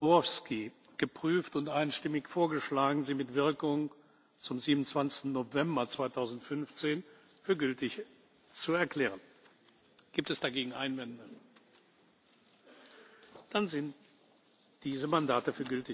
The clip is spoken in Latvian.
dombrovskis geprüft und einstimmig vorgeschlagen sie mit wirkung zum. siebenundzwanzig november zweitausendfünfzehn für gültig zu erklären. gibt es dagegen einwände? dann sind diese mandate